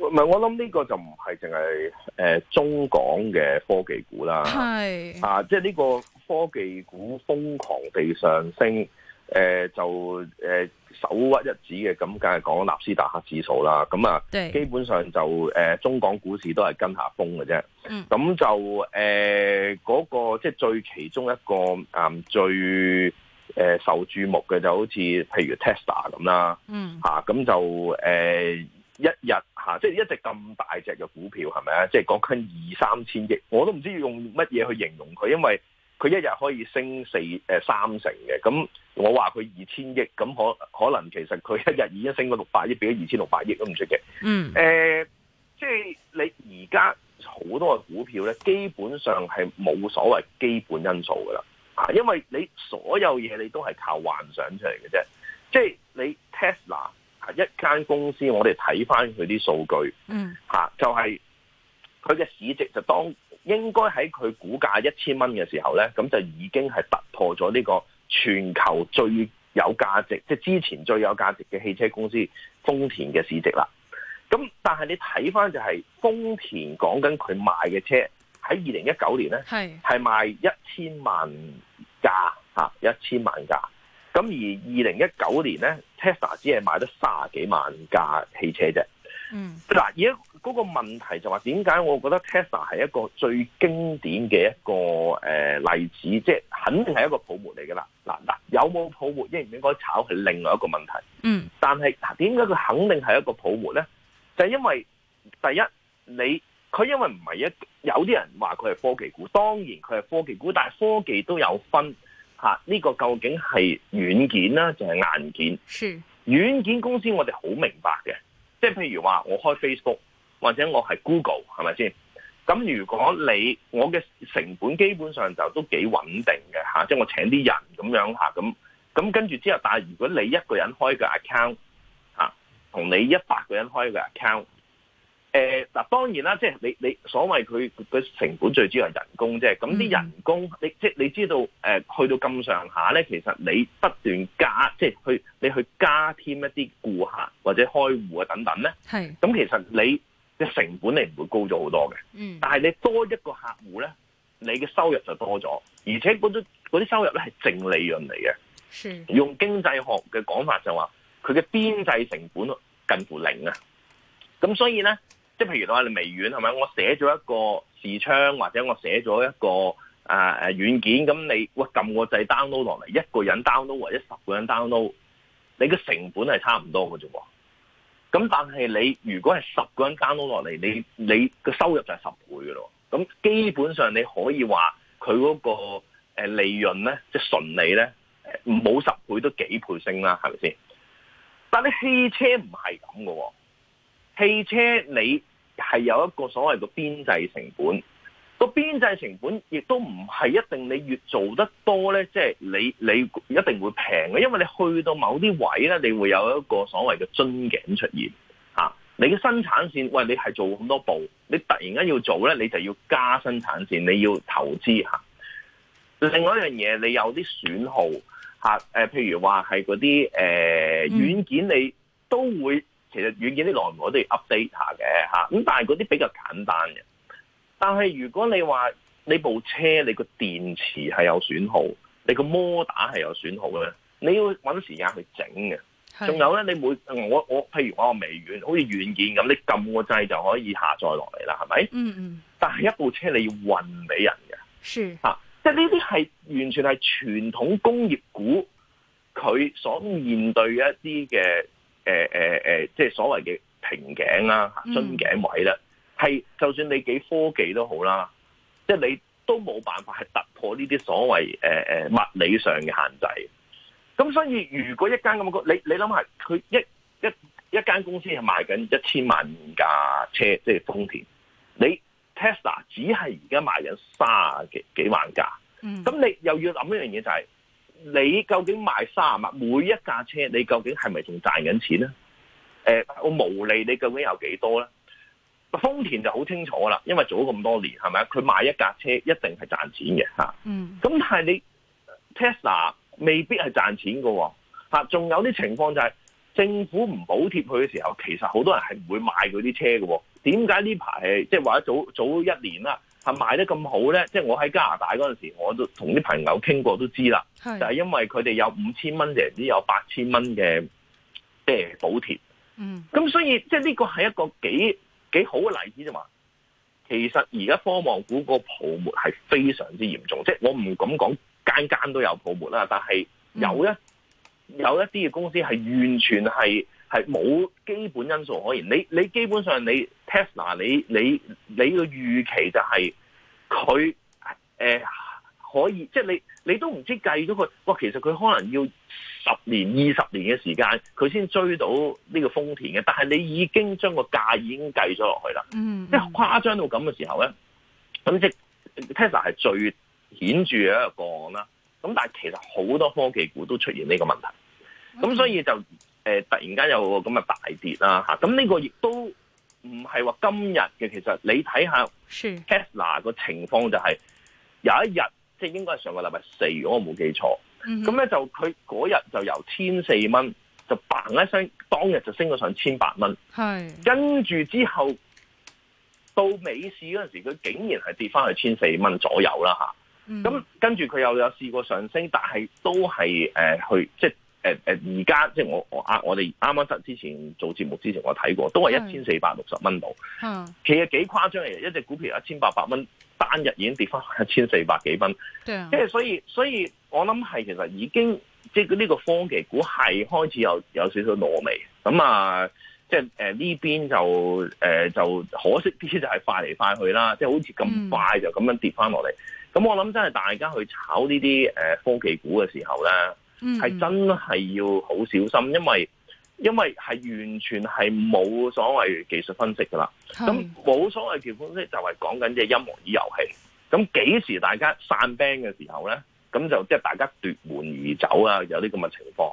唔係，我諗呢個就唔係淨係中港嘅科技股啦。係啊，即係呢個科技股瘋狂地上升，呃、就誒、呃、手握一指嘅咁，梗係講納斯達克指數啦。咁啊，基本上就、呃、中港股市都係跟下風嘅啫。咁、嗯、就誒嗰、呃那個即係、就是、最其中一個、嗯、最、呃、受注目嘅就好似譬如 Tesla 咁啦。嗯，咁、啊、就誒、呃、一日。啊！即係一直咁大隻嘅股票，係咪啊？即係講緊二三千億，我都唔知要用乜嘢去形容佢，因為佢一日可以升四、誒、呃、三成嘅。咁我話佢二千億，咁可可能其實佢一日已經升咗六百億，變咗二千六百億都唔出奇。嗯。誒、啊，即係你而家好多嘅股票咧，基本上係冇所謂基本因素噶啦。啊，因為你所有嘢你都係靠幻想出嚟嘅啫。即係你 Tesla。一間公司，我哋睇翻佢啲數據，吓、嗯、就係佢嘅市值就當應該喺佢股價一千蚊嘅時候咧，咁就已經係突破咗呢個全球最有價值，即係之前最有價值嘅汽車公司豐田嘅市值啦。咁但係你睇翻就係豐田講緊佢賣嘅車喺二零一九年咧，係係賣一千萬架吓，一千萬架。咁而二零一九年咧。Tesla 只係賣得卅幾萬架汽車啫。嗯，嗱，而家嗰個問題就話點解？我覺得 Tesla 係一個最經典嘅一個誒例子，即、就、係、是、肯定係一個泡沫嚟噶啦。嗱、啊、嗱、啊，有冇泡沫應唔應該炒係另外一個問題。嗯，但係點解佢肯定係一個泡沫咧？就係因為第一，你佢因為唔係一有啲人話佢係科技股，當然佢係科技股，但係科技都有分。嚇！呢個究竟係軟件啦，定係硬件？是軟件公司，我哋好明白嘅。即係譬如話，我開 Facebook，或者我係 Google，係咪先？咁如果你我嘅成本基本上就都幾穩定嘅嚇，即係我請啲人咁樣嚇，咁咁跟住之後，但係如果你一個人開個 account 嚇，同你一百個人開個 account。誒、呃，嗱當然啦，即係你你所謂佢嘅成本最主要係人工啫。咁啲人工，那人工嗯、你即係你知道，誒、呃、去到咁上下咧，其實你不斷加，即係去你去加添一啲顧客或者開戶啊等等咧。係。咁其實你嘅成本你唔會高咗好多嘅，嗯。但係你多一個客戶咧，你嘅收入就多咗，而且嗰啲啲收入咧係淨利潤嚟嘅。用經濟學嘅講法就話，佢嘅邊際成本近乎零啊。咁所以咧。即係譬如我話你微軟係咪？我寫咗一個視窗，或者我寫咗一個啊誒、呃、軟件，咁你喂撳、呃、個掣 download 落嚟，一個人 download 或者十個人 download，你嘅成本係差唔多嘅啫喎。咁但係你如果係十個人 download 落嚟，你你嘅收入就係十倍嘅咯。咁基本上你可以話佢嗰個利潤咧，即係純利咧，冇十倍都幾倍升啦，係咪先？但係汽車唔係咁嘅喎，汽車你。係有一個所謂嘅邊際成本，個邊際成本亦都唔係一定你越做得多咧，即係你你一定會平嘅，因為你去到某啲位咧，你會有一個所謂嘅樽頸出現嚇。你嘅生產線，喂，你係做咁多步，你突然間要做咧，你就要加生產線，你要投資嚇。另外一樣嘢，你有啲損耗嚇，誒，譬如話係嗰啲誒軟件，你都會。其實軟件啲內容我都要 update 下嘅嚇，咁但係嗰啲比較簡單嘅。但係如果你話你部車你個電池係有損耗，你個摩打係有損耗嘅咧，你要揾時間去整嘅。仲有咧，你每我我譬如我個微軟，好似軟件咁，你撳個掣就可以下載落嚟啦，係咪？嗯嗯。但係一部車你要運俾人嘅。是的。即係呢啲係完全係傳統工業股佢所面對一啲嘅。誒誒誒，即係所謂嘅瓶頸啦、樽頸位啦，係、嗯、就算你幾科技都好啦，即、就、係、是、你都冇辦法係突破呢啲所謂誒誒物理上嘅限制。咁所以如果一間咁高，你你諗下，佢一一一間公司係賣緊一千萬架車，即係豐田，你 Tesla 只係而家賣緊卅幾幾萬架，咁、嗯、你又要諗一樣嘢就係、是。你究竟賣卅萬每一架車？你究竟係咪仲賺緊錢咧？誒、欸，我無利你究竟有幾多咧？豐田就好清楚啦，因為做咗咁多年，係咪啊？佢賣一架車一定係賺錢嘅嚇。嗯。咁但係你 Tesla 未必係賺錢嘅喎，嚇。仲有啲情況就係政府唔補貼佢嘅時候，其實好多人係唔會買佢啲車嘅。點解呢排即係或者早早一年啦？啊！賣得咁好咧，即係我喺加拿大嗰陣時候，我都同啲朋友傾過都知啦。就係、係、因為佢哋有五千蚊，甚至有八千蚊嘅，即、呃、係補貼。嗯，咁所以即係呢個係一個幾幾好嘅例子啫嘛。其實而家科網股個泡沫係非常之嚴重，即係我唔敢講間間都有泡沫啦，但係有咧、嗯，有一啲嘅公司係完全係。係冇基本因素可言，你你基本上你 Tesla，你你你個預期就係佢誒可以，即係你你都唔知計咗佢。哇、哦、其實佢可能要十年二十年嘅時間，佢先追到呢個豐田嘅，但係你已經將個價已經計咗落去啦，mm -hmm. 即係誇張到咁嘅時候咧，咁即係 Tesla 係最顯著嘅一個個案啦。咁但係其實好多科技股都出現呢個問題，咁所以就。誒，突然間有個咁嘅大跌啦，啊，吓咁呢個亦都唔係話今日嘅。其實你睇下 Tesla 個情況就係有一日，即係應該係上個禮拜四，如果我冇記錯，咁、嗯、咧就佢嗰日就由千四蚊就嘣一聲，當日就升咗上千八蚊，係跟住之後到尾市嗰陣時，佢竟然係跌翻去千四蚊左右啦，吓、啊、咁、嗯、跟住佢又有試過上升，但係都係誒去即係。誒而家即係我我我哋啱啱之前做節目之前我，我睇過都係一千四百六十蚊度。嗯，其實幾誇張嘅，一隻股票一千八百蚊，單日已經跌翻一千四百幾蚊。即係所以所以，所以我諗係其實已經即係呢個科技股係開始有有少少落味。咁啊，即係誒呢邊就誒、呃、就可惜啲就係快嚟快去啦，即係好似咁快就咁樣跌翻落嚟。咁、嗯、我諗真係大家去炒呢啲誒科技股嘅時候咧，係真係要好小心，因為因為係完全係冇所謂技術分析㗎喇，咁冇所謂技術分析就係講緊即係音樂椅遊戲，咁幾時大家散 band 嘅時候咧，咁就即係大家奪門而走啊，有啲咁嘅情況。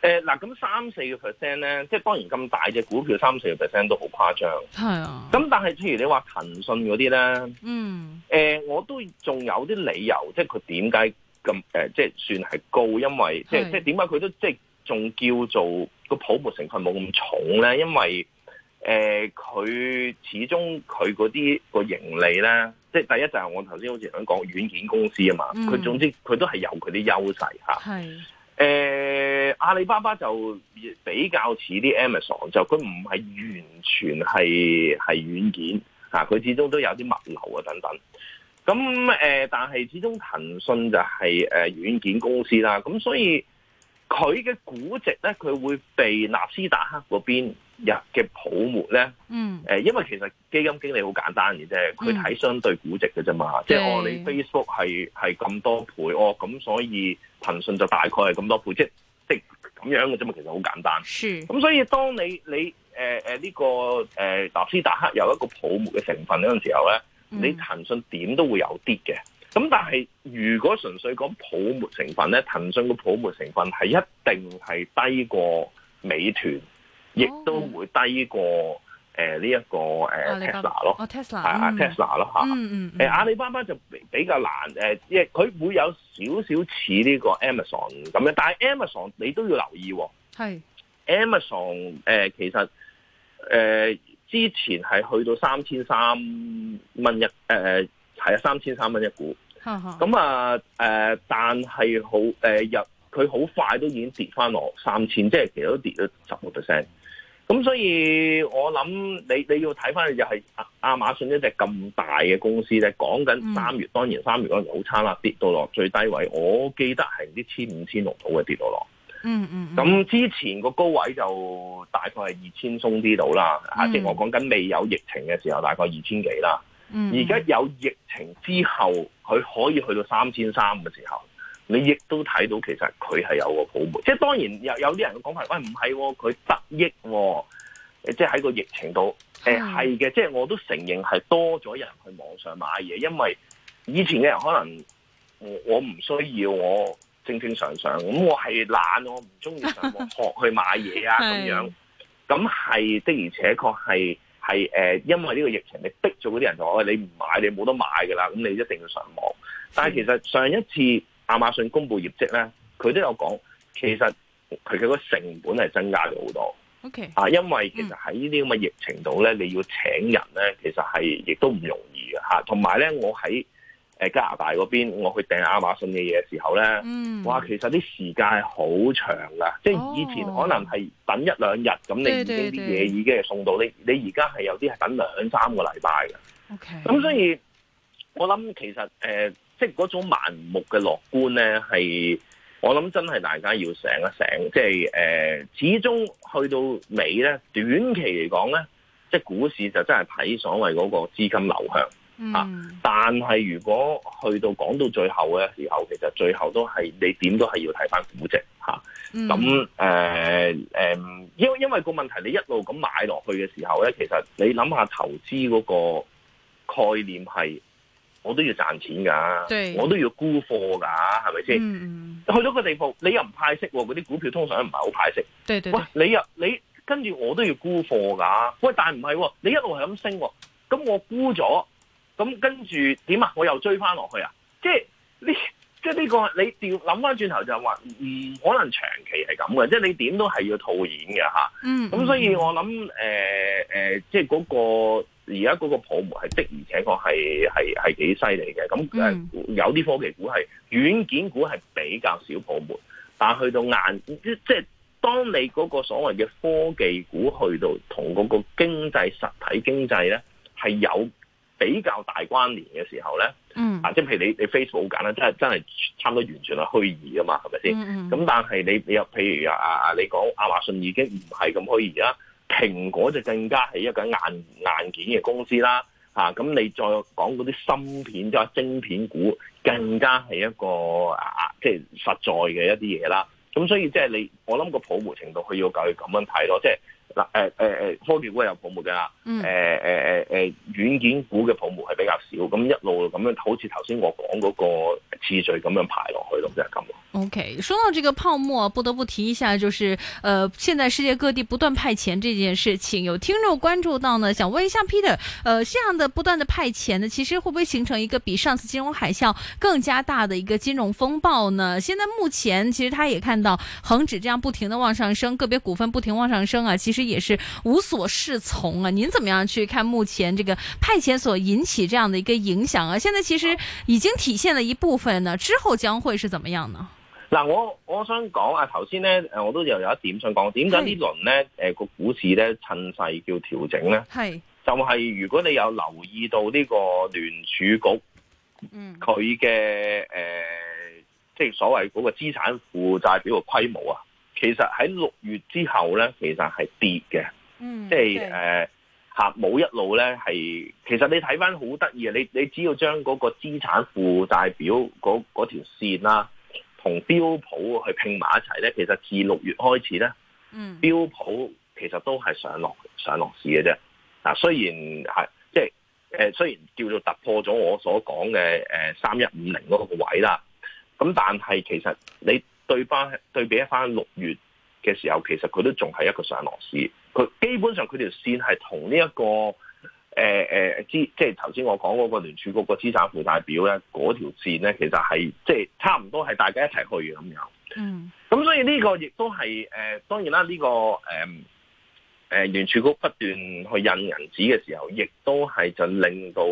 誒、呃，嗱，咁三四個 percent 咧，即係當然咁大隻股票，三四個 percent 都好誇張。係啊，咁但係，譬如你話騰訊嗰啲咧，嗯，誒、呃，我都仲有啲理由，即係佢點解咁誒，即係算係高，因為即係即係點解佢都即係仲叫做個泡沫成分冇咁重咧，因為誒，佢、呃、始終佢嗰啲個盈利咧，即係第一就係我頭先好似想講軟件公司啊嘛，佢、嗯、總之佢都係有佢啲優勢吓。係。誒、呃、阿里巴巴就比較似啲 Amazon，就佢唔係完全係係軟件。吓、啊，佢始終都有啲物流啊等等。咁誒、呃，但係始終騰訊就係誒軟件公司啦。咁所以，佢嘅估值咧，佢會被納斯達克嗰邊入嘅泡沫咧。嗯。因為其實基金經理好簡單嘅啫，佢睇相對估值嘅啫嘛。即係我哋 Facebook 係係咁多倍，哦，咁所以騰訊就大概係咁多倍，即係即咁樣嘅啫嘛。其實好簡單。咁所以當你你誒誒呢個誒、呃、納斯達克有一個泡沫嘅成分嗰陣時候咧，你騰訊點都會有跌嘅。嗯嗯咁、嗯、但係如果純粹講泡沫成分咧，騰訊嘅泡沫成分係一定係低過美團，亦、哦、都會低過誒呢一個誒 Tesla 咯，Tesla 係啊 Tesla 咯吓。嗯嗯，誒、啊嗯嗯、阿里巴巴就比較難，誒、呃，即係佢會有少少似呢個 Amazon 咁樣，但係 Amazon 你都要留意、哦，係 Amazon 誒、呃，其實誒、呃、之前係去到三千三蚊一誒。呃三千三蚊一股，咁啊，誒、嗯呃，但係好，誒、呃，入佢好快都已經跌翻落三千，3, 000, 即係其實都跌咗十個 percent。咁所以我諗，你你要睇翻，就係亞馬遜一隻咁大嘅公司咧，講緊三月、嗯，當然三月嗰日好差啦，跌到落最低位，我記得係啲千五千六度嘅跌到落。嗯嗯。咁之前個高位就大概係二千鬆啲度啦，啊、嗯，正係我講緊未有疫情嘅時候，大概二千幾啦。而、嗯、家有疫情之後，佢可以去到三千三嘅時候，你亦都睇到其實佢係有個泡沫。即係當然有有啲人嘅講法，喂唔係，佢、喎、得益、喎，即係喺個疫情度。誒係嘅，即係我都承認係多咗人去網上買嘢，因為以前嘅人可能我唔需要，我正正常常咁、嗯，我係懶，我唔中意上學， 學去買嘢啊咁樣。咁係，的而且確係。係誒、呃，因為呢個疫情，你逼咗嗰啲人同我話，你唔買，你冇得買㗎啦。咁你一定要上網。但係其實上一次亞馬遜公布業績咧，佢都有講，其實佢嘅個成本係增加咗好多。OK，啊，因為其實喺呢啲咁嘅疫情度咧，你要請人咧，其實係亦都唔容易嘅嚇。同埋咧，我喺，誒加拿大嗰邊，我去訂亞馬遜嘅嘢時候咧、嗯，哇，其實啲時間係好長噶、哦，即係以前可能係等一兩日，咁你已經啲嘢已經係送到你。你而家係有啲係等兩三個禮拜㗎。OK，咁所以我諗其實誒、呃，即係嗰種盲目嘅樂觀咧，係我諗真係大家要醒一醒，即係誒、呃，始終去到尾咧，短期嚟講咧，即係股市就真係睇所謂嗰個資金流向。啊、嗯！但係如果去到講到最後嘅時候，其實最後都係你點都係要睇翻估值吓。咁誒誒，因為因為個問題，你一路咁買落去嘅時候咧，其實你諗下投資嗰個概念係，我都要賺錢噶，我都要沽貨噶，係咪先？去到個地步，你又唔派息，啊，嗰啲股票通常都唔係好派息對對對。喂，你又，啊、你跟住我都要沽貨噶，喂，但係唔係，你一路係咁升，啊，咁我沽咗。咁跟住點啊？我又追翻落去啊！即係呢，即係、這、呢個你調諗翻轉頭就係話唔可能長期係咁嘅，即係你點都係要套現嘅嚇。咁、嗯、所以我諗、嗯呃呃、即係、那、嗰個而家嗰個泡沫係的而且確係係係幾犀利嘅。咁、嗯、有啲科技股係軟件股係比較少泡沫，但係去到硬，即係當你嗰個所謂嘅科技股去到同嗰個經濟實體經濟咧係有。比較大關聯嘅時候咧、嗯，啊，即係譬如你你 Facebook 好簡單，真係真係差唔多完全係虛擬噶嘛，係咪先？咁、嗯嗯、但係你你又譬如啊啊，你講亞馬遜已經唔係咁虛擬啦，蘋果就更加係一個硬硬件嘅公司啦，嚇、啊、咁你再講嗰啲芯片即係晶片股，更加係一個啊，即係實在嘅一啲嘢啦。咁、啊、所以即係你我諗個泡沫程度，佢要教佢咁樣睇咯，即係。嗱誒誒誒科技股有泡沫㗎，誒誒誒誒軟件股嘅泡沫係比較少，咁一路咁樣好似頭先我講嗰個次序咁樣排落去咯，即係咁。O.K. 說到這個泡沫啊，不得不提一下，就是，呃，現在世界各地不斷派錢這件事情，有聽眾關注到呢，想問一下 Peter，呃，這樣的不斷的派錢呢，其實會不會形成一個比上次金融海嘯更加大的一個金融風暴呢？現在目前其實他也看到恒指這樣不停的往上升，個別股份不停往上升啊，其實。其實也是無所適從啊！您怎麼樣去看目前這個派遣所引起這樣的一個影響啊？現在其實已經體現了一部分呢，之後將會是怎麼樣呢？嗱、啊，我我想講啊，頭先咧，我都又有一點想講，點解呢輪呢，誒個、呃、股市咧，趁勢叫調整呢？係就係、是、如果你有留意到呢個聯儲局，嗯，佢嘅誒，即係所謂嗰個資產負債表嘅規模啊。其實喺六月之後咧，其實係跌嘅，嗯，即係誒吓冇一路咧係。其實你睇翻好得意啊！你你只要將嗰個資產負債表嗰條線啦，同標普去拼埋一齊咧，其實自六月開始咧，嗯，標普其實都係上落上落市嘅啫。嗱、啊，雖然係即係誒，雖然叫做突破咗我所講嘅誒三一五零嗰個位啦，咁但係其實你。對翻對比一翻六月嘅時候，其實佢都仲係一個上落市。佢基本上佢條線係同呢一個誒誒資，即係頭先我講嗰個聯儲局個資產負債表咧，嗰條線咧其實係即係差唔多係大家一齊去嘅。咁樣。嗯，咁所以呢個亦都係誒，當然啦，呢個誒誒聯儲局不斷去印銀紙嘅時候，亦都係就令到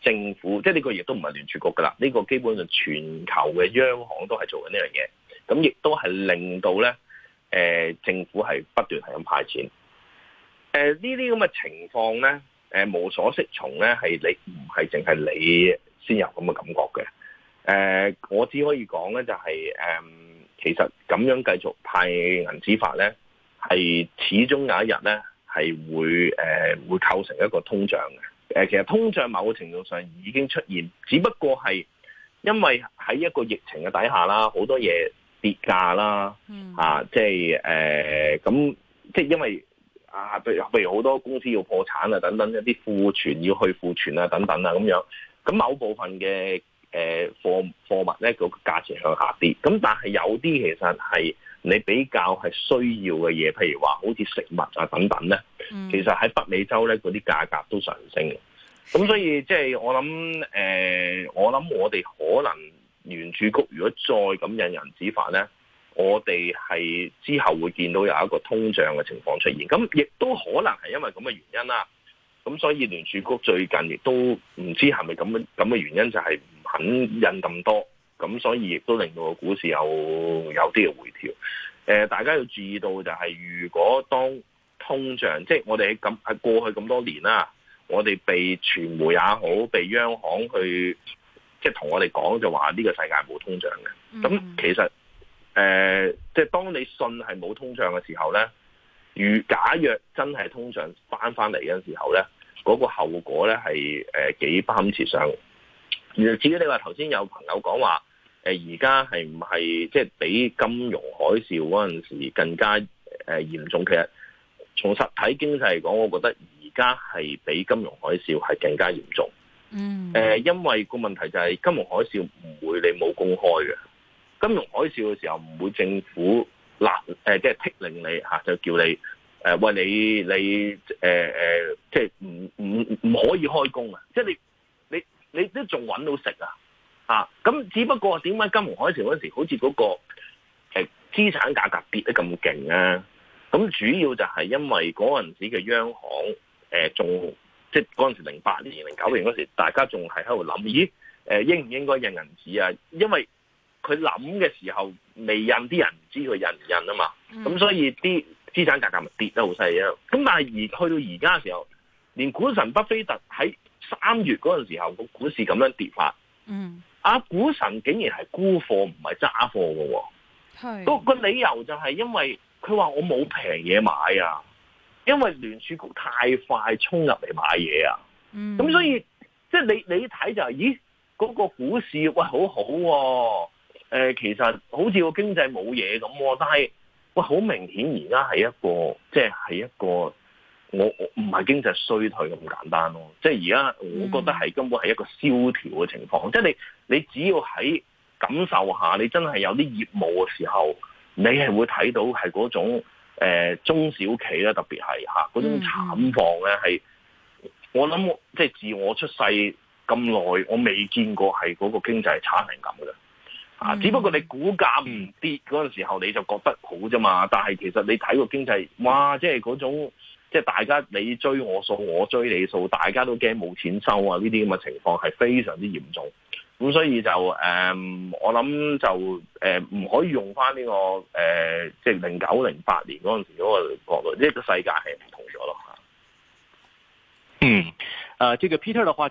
政府，即係呢個亦都唔係聯儲局噶啦，呢個基本上全球嘅央行都係做緊呢樣嘢，咁亦都係令到咧，誒、呃，政府係不斷係咁派錢。誒、呃，這這呢啲咁嘅情況咧，誒、呃，無所適從咧，係你唔係淨係你先有咁嘅感覺嘅。誒、呃，我只可以講咧，就係、是、誒、呃，其實咁樣繼續派銀紙法咧，係始終有一日咧係會誒、呃、會構成一個通脹嘅。誒、呃，其實通脹某個程度上已經出現，只不過係因為喺一個疫情嘅底下啦，好多嘢，跌價啦、嗯，啊，就是呃、即係誒，咁即係因為啊，譬如譬如好多公司要破產啊，等等一啲庫存要去庫存啊，等等啊，咁樣，咁某部分嘅誒貨貨物咧，嗰、嗰個價錢向下跌，咁但係有啲其實係你比較係需要嘅嘢，譬如話好似食物啊等等咧、嗯，其實喺北美洲咧嗰啲價格都上升咁所以即係我諗誒，我諗、呃、我哋可能。聯儲局如果再咁印銀紙呢，我哋係之後會見到有一個通脹嘅情況出現。咁亦都可能係因為咁嘅原因啦。咁所以聯儲局最近亦都唔知係咪咁咁嘅原因，就係唔肯印咁多。咁所以亦都令到個股市有有啲嘅回調、呃。大家要注意到就係，如果當通脹，即係我哋喺過去咁多年啦，我哋被傳媒也好，被央行去。即係同我哋講就話呢個世界冇通脹嘅，咁、嗯、其實誒、呃，即係當你信係冇通脹嘅時候咧，如假若真係通脹翻翻嚟嘅時候咧，嗰、那個後果咧係誒幾不堪設想。而至於你話頭先有朋友講話，誒而家係唔係即係比金融海嘯嗰陣時更加誒嚴、呃、重？其實從實體經濟嚟講，我覺得而家係比金融海嘯係更加嚴重。嗯，誒，因為個問題就係金融海嘯唔會你冇公開嘅，金融海嘯嘅時候唔會政府嗱，誒，即係令你吓，就叫你誒，喂、呃、你你誒誒，即係唔唔唔可以開工啊，即、就、係、係、你你你都仲搵到食啊，咁、啊、只不過點解金融海嘯嗰時候好似嗰、嗰個誒資、呃、產價格跌得咁勁咧？咁主要就係因為嗰陣時嘅央行誒仲。呃即嗰陣時，零八年、零九年嗰時，大家仲係喺度諗，咦？誒，應唔應該印銀紙啊？因為佢諗嘅時候未印，啲人唔知佢印唔印啊嘛。咁、嗯、所以啲資產價格咪跌得好犀利咯。咁但係而去到而家嘅時候，連股神巴菲特喺三月嗰陣時候，個股市咁樣跌法，嗯，阿、啊、股神竟然係沽貨唔係揸貨噶，係個、個理由就係因為佢話我冇平嘢買啊。因為聯儲局太快衝入嚟買嘢啊，咁、嗯、所以即係、就是、你你睇就係、是，咦嗰、那個股市喂好好、哦，誒、呃、其實好似個經濟冇嘢咁，但係喂好明顯而家係一個即係係一個我我唔係經濟衰退咁簡單咯，即係而家我覺得係、嗯、根本係一個蕭條嘅情況，即、就、係、是、你你只要喺感受下，你真係有啲業務嘅時候，你係會睇到係嗰種。誒、呃，中小企咧，特別係吓，嗰種慘況咧，係我諗即係自我出世咁耐，我未見過係嗰個經濟係差成咁嘅，啊！只不過你股價唔跌嗰陣時候，你就覺得好啫嘛。但係其實你睇個經濟，哇！即係嗰種即係大家你追我數，我追你數，大家都驚冇錢收啊！呢啲咁嘅情況係非常之嚴重。咁、嗯、所以就誒、呃，我諗就誒唔、呃、可以用翻呢、呢個誒，即係零九零八年嗰陣時嗰個角度，即、就、個、係、世界係唔同咗咯。吓嗯，誒、呃，呢個 Peter 嘅話。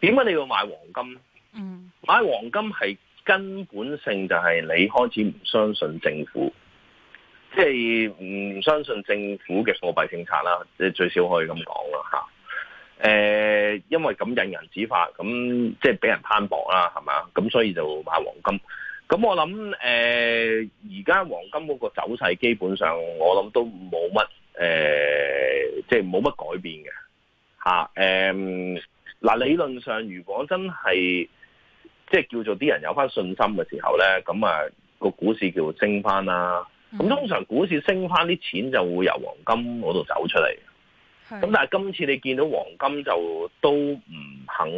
點解你要買黃金？嗯，買黃金係根本性就係你開始唔相信政府，即係唔相信政府嘅貨幣政策啦。即係最少可以咁講啦，吓。誒，因為咁引人指法，咁即係俾人攤薄啦，係嘛？咁所以就買黃金。咁我諗，誒、啊，而家黃金嗰個走勢，基本上我諗都冇乜，誒、啊，即係冇乜改變嘅。吓、啊，誒、啊。嗱，理論上如果真係即係叫做啲人有翻信心嘅時候咧，咁、那、啊個股市叫做升翻啦。咁通常股市升翻，啲錢就會由黃金嗰度走出嚟。咁但係今次你見到黃金就都唔肯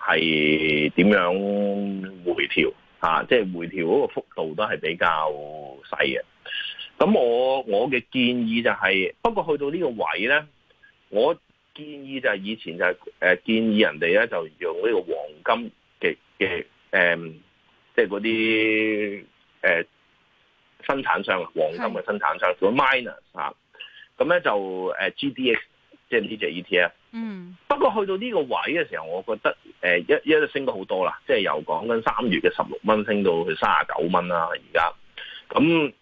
係點樣回調吓，即係、就是、回調嗰個幅度都係比較細嘅。咁我我嘅建議就係、是，不過去到呢個位咧，我。建議就係以前就係、是、誒、呃、建議人哋咧就用呢個黃金嘅嘅誒，即係嗰啲誒生產商啊，黃金嘅生產商叫 miner 啊，咁咧就誒、呃、GDX，即係呢隻 ETF。嗯。不過去到呢個位嘅時候，我覺得誒一一升咗好多啦，即係由講緊三月嘅十六蚊升到去三十九蚊啦，而家。咁，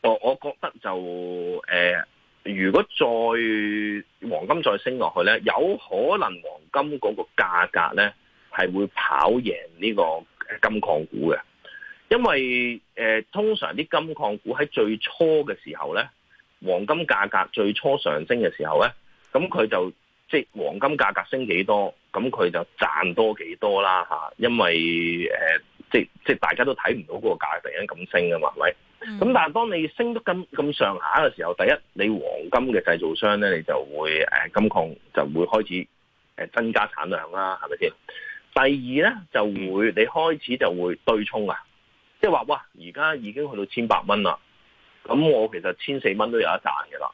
我我覺得就誒。呃如果再黃金再升落去咧，有可能黃金嗰個價格咧係會跑贏呢個金礦股嘅，因為、呃、通常啲金礦股喺最初嘅時候咧，黃金價格最初上升嘅時候咧，咁佢就即係黃金價格升幾多，咁佢就賺多幾多啦、啊、因為、呃、即即大家都睇唔到個價突然咁升啊嘛，係咪？咁、嗯、但係當你升得咁咁上下嘅時候，第一你黃金嘅製造商咧，你就會誒金礦就會開始誒增加產量啦，係咪先？第二咧就會你開始就會對沖啊，即係話哇，而家已經去到千八蚊啦，咁我其實千四蚊都有一賺嘅啦。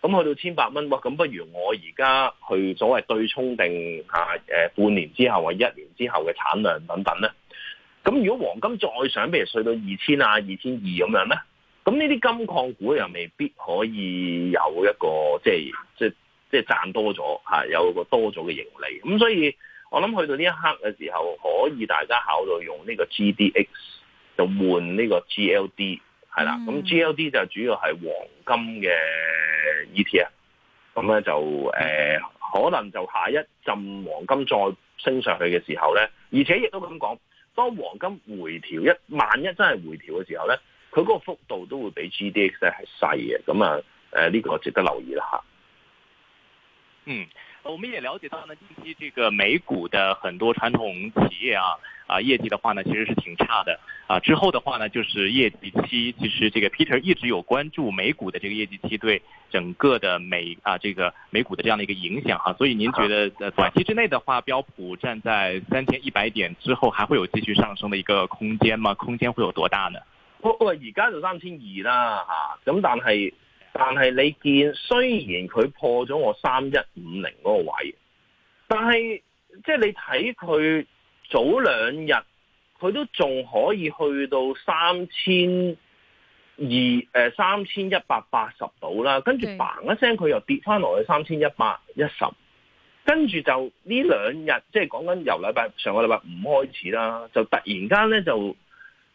咁去到千八蚊，哇，咁不如我而家去所謂對沖定吓誒、啊啊、半年之後或一年之後嘅產量等等咧？咁如果黃金再上，譬如上到二千啊、二千二咁樣咧，咁呢啲金礦股又未必可以有一個即係即即係賺多咗吓，有個多咗嘅盈利。咁所以我諗去到呢一刻嘅時候，可以大家考慮用呢個 GDX，就換呢個 GLD，係啦。咁 GLD 就主要係黃金嘅 ETF 啊。咁咧就誒，可能就下一浸黃金再升上去嘅時候咧，而且亦都咁講。當黃金回調一萬一真係回調嘅時候咧，佢嗰個幅度都會比 GDX 咧係細嘅，咁啊誒呢、呃這個值得留意啦吓，嗯，我們也了解到呢近期這個美股的很多傳統企業啊。啊，業績的話呢，其實是挺差的啊。之後的話呢，就是業績期，其實這個 Peter 一直有關注美股的這個業績期對整個的美啊這個美股的這樣的一個影響哈、啊。所以您覺得短期、啊啊、之內的話，標普站在三千一百點之後還會有繼續上升的一個空間嗎？空間會有多大呢？不不過而家就三千二啦，吓、啊。咁但係但係你見，雖然佢破咗我三一五零嗰個位，但係即係你睇佢。早兩日佢都仲可以去到三千二，誒三千一百八十到啦，跟住嘭一聲佢又跌翻落去三千一百一十，跟住就呢兩日即係講緊由禮拜上個禮拜五開始啦，就突然間咧就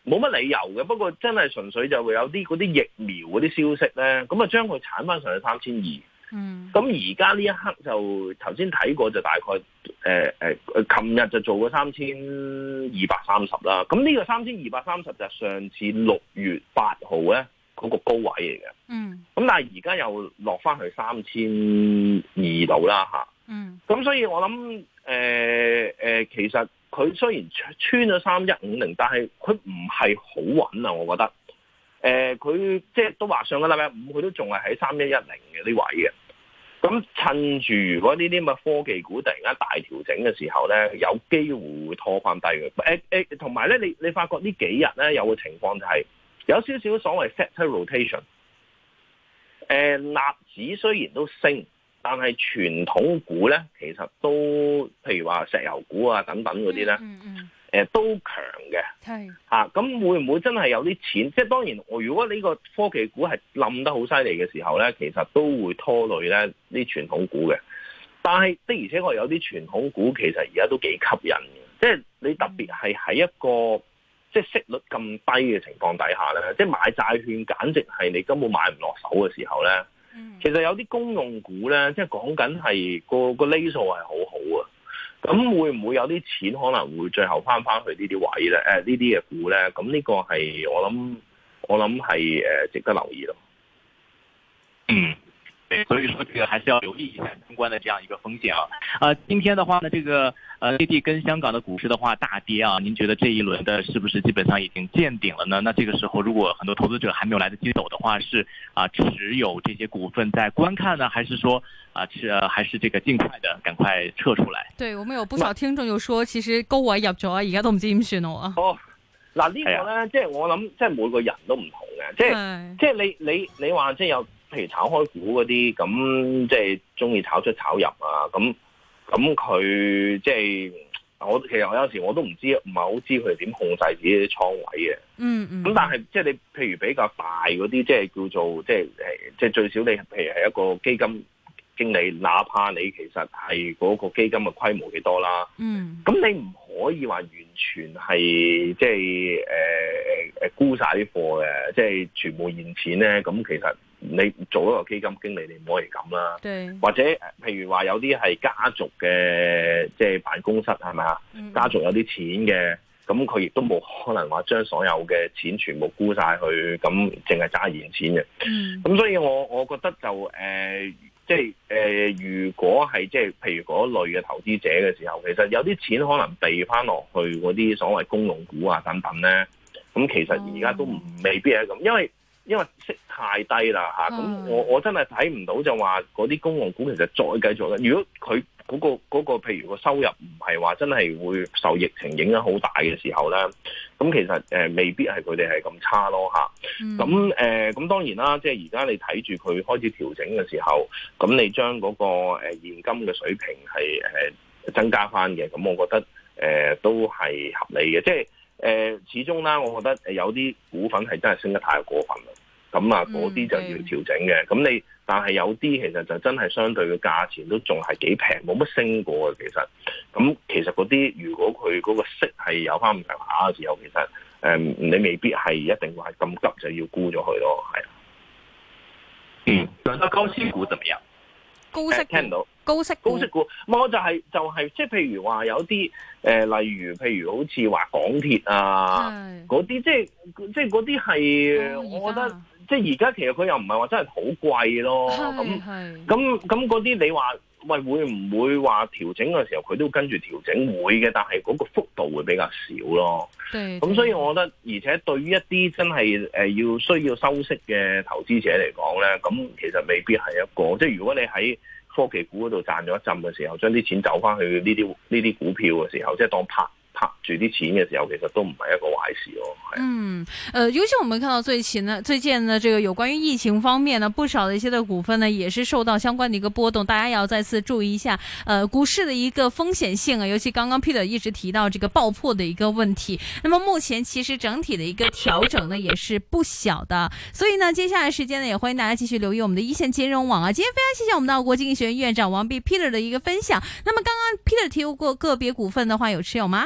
冇乜理由嘅，不過真係純粹就會有啲嗰啲疫苗嗰啲消息咧，咁啊將佢鏟翻上去三千二。嗯，咁而家呢一刻就頭先睇過就大概，誒、呃、誒，琴、呃、日就做咗三千二百三十啦。咁呢個三千二百三十就上次六月八號咧嗰個高位嚟嘅。嗯，咁但係而家又落翻去三千二度啦，吓。嗯，咁所以我諗，誒、呃、誒、呃，其實佢雖然穿咗三一五零，但係佢唔係好穩啊。我覺得，誒、呃，佢即係都話上個禮拜五佢都仲係喺三一一零嘅呢位嘅。咁趁住如果呢啲咁嘅科技股突然間大調整嘅時候咧，有機會會拖翻低嘅。誒誒，同埋咧，你你發覺幾呢幾日咧有個情況就係、是、有少少所謂 sector rotation、欸。誒，納指雖然都升，但係傳統股咧其實都，譬如話石油股啊等等嗰啲咧。嗯嗯嗯誒，都強嘅係吓，咁、啊、會唔會真係有啲錢？即、就、係、是、當然，我如果呢個科技股係冧得好犀利嘅時候咧，其實都會拖累咧呢傳統股嘅。但係的而且確有啲傳統股其實而家都幾吸引嘅、就是嗯，即係你特別係喺一個即係息率咁低嘅情況底下咧，即、就、係、是、買債券簡直係你根本買唔落手嘅時候咧、嗯。其實有啲公用股咧，即係講緊係個、那個厘數係好好啊。咁會唔會有啲錢可能會最後翻翻去呢啲位咧？呃、呢啲嘅股咧，咁呢個係我諗，我諗係、呃、值得留意咯。嗯。對，所以說這個還是要留意一下相關的這樣一個風險啊。啊、呃，今天的話呢，這個呃內地跟香港的股市的話大跌啊。您覺得這一輪的是不是基本上已經見頂了呢？那這個時候如果很多投資者還沒有來得及走的話，是啊、呃、持有這些股份在觀看呢，還是說啊持、呃、還是這個盡快的趕快撤出來？對，我們有不少聽眾有說，其實高位入咗，而家都唔知點算咯啊。哦，那呢、這個呢，即、哎、係我諗，即係每個人都唔同嘅，啊，即係即係你你你話即係有。譬如炒開股嗰啲，咁即係中意炒出炒入啊，咁咁佢即係我，其實我有時我都唔知，唔係好知佢點控制自己啲倉位嘅。嗯嗯。咁但係即係你，譬如比較大嗰啲，即係叫做即係，即係，即係最少你，譬如係一個基金經理，哪怕你其實係嗰個基金嘅規模幾多啦。嗯。咁你唔可以話完全係即係誒誒沽晒啲貨嘅，即係全部現錢咧。咁其實。你做一個基金經理，你唔可以咁啦。或者譬如話，有啲係家族嘅，即係辦公室係咪啊？家族有啲錢嘅，咁佢亦都冇可能話將所有嘅錢全部沽晒去，咁淨係揸現錢嘅。咁、嗯、所以我我覺得就誒、呃，即係誒、呃，如果係即係譬如嗰類嘅投資者嘅時候，其實有啲錢可能避翻落去嗰啲所謂公用股啊等等呢。咁其實而家都未必係咁、嗯，因為。因為息太低啦嚇，咁我我真係睇唔到就話嗰啲公共股其實再繼續咧。如果佢嗰個嗰個譬如個收入唔係話真係會受疫情影響好大嘅時候咧，咁其實誒未必係佢哋係咁差咯嚇。咁誒咁當然啦，即係而家你睇住佢開始調整嘅時候，咁你將嗰個誒現金嘅水平係誒增加翻嘅，咁我覺得誒都係合理嘅。即係誒始終啦，我覺得有啲股份係真係升得太過分啦。咁啊，嗰、嗯、啲就要調整嘅。咁你，但係有啲其實就真係相對嘅價錢都仲係幾平，冇乜升過嘅。其實，咁、嗯、其實嗰啲如果佢嗰個息係有返咁上下嘅時候，其實、嗯、你未必係一定話咁急就要沽咗佢咯。係啊，嗯，咁高息股未有？高息聽唔到高息高息股，咁我、啊、就係、是、就係即係譬如話有啲、呃、例如譬如好似話港鐵啊，嗰啲即係即係嗰啲係，我覺得。即係而家其實佢又唔係話真係好貴咯，咁咁咁嗰啲你話喂，會唔會話調整嘅時候佢都跟住調整會嘅，但係嗰個幅度會比較少咯。咁、嗯、所以我覺得，而且對於一啲真係誒要需要收息嘅投資者嚟講咧，咁其實未必係一個，即係如果你喺科技股嗰度賺咗一陣嘅時候，將啲錢走翻去呢啲呢啲股票嘅時候，即係當拍拍。啪賺啲錢嘅時候，其實都唔係一個壞事哦嗯，呃尤其我們看到最近呢，最近呢，這個有關於疫情方面呢，不少的一些的股份呢，也是受到相關的一個波動，大家也要再次注意一下，呃，股市的一個風險性啊，尤其剛剛 Peter 一直提到這個爆破的一個問題，那麼目前其實整體的一個調整呢，也是不小的， 所以呢，接下來時間呢，也歡迎大家繼續留意我們的一線金融網啊。今天非常謝謝我們的奧國經濟學院院長王弼 Peter 的一個分享。那麼剛剛 Peter 提過，過個別股份的話，有持有嗎？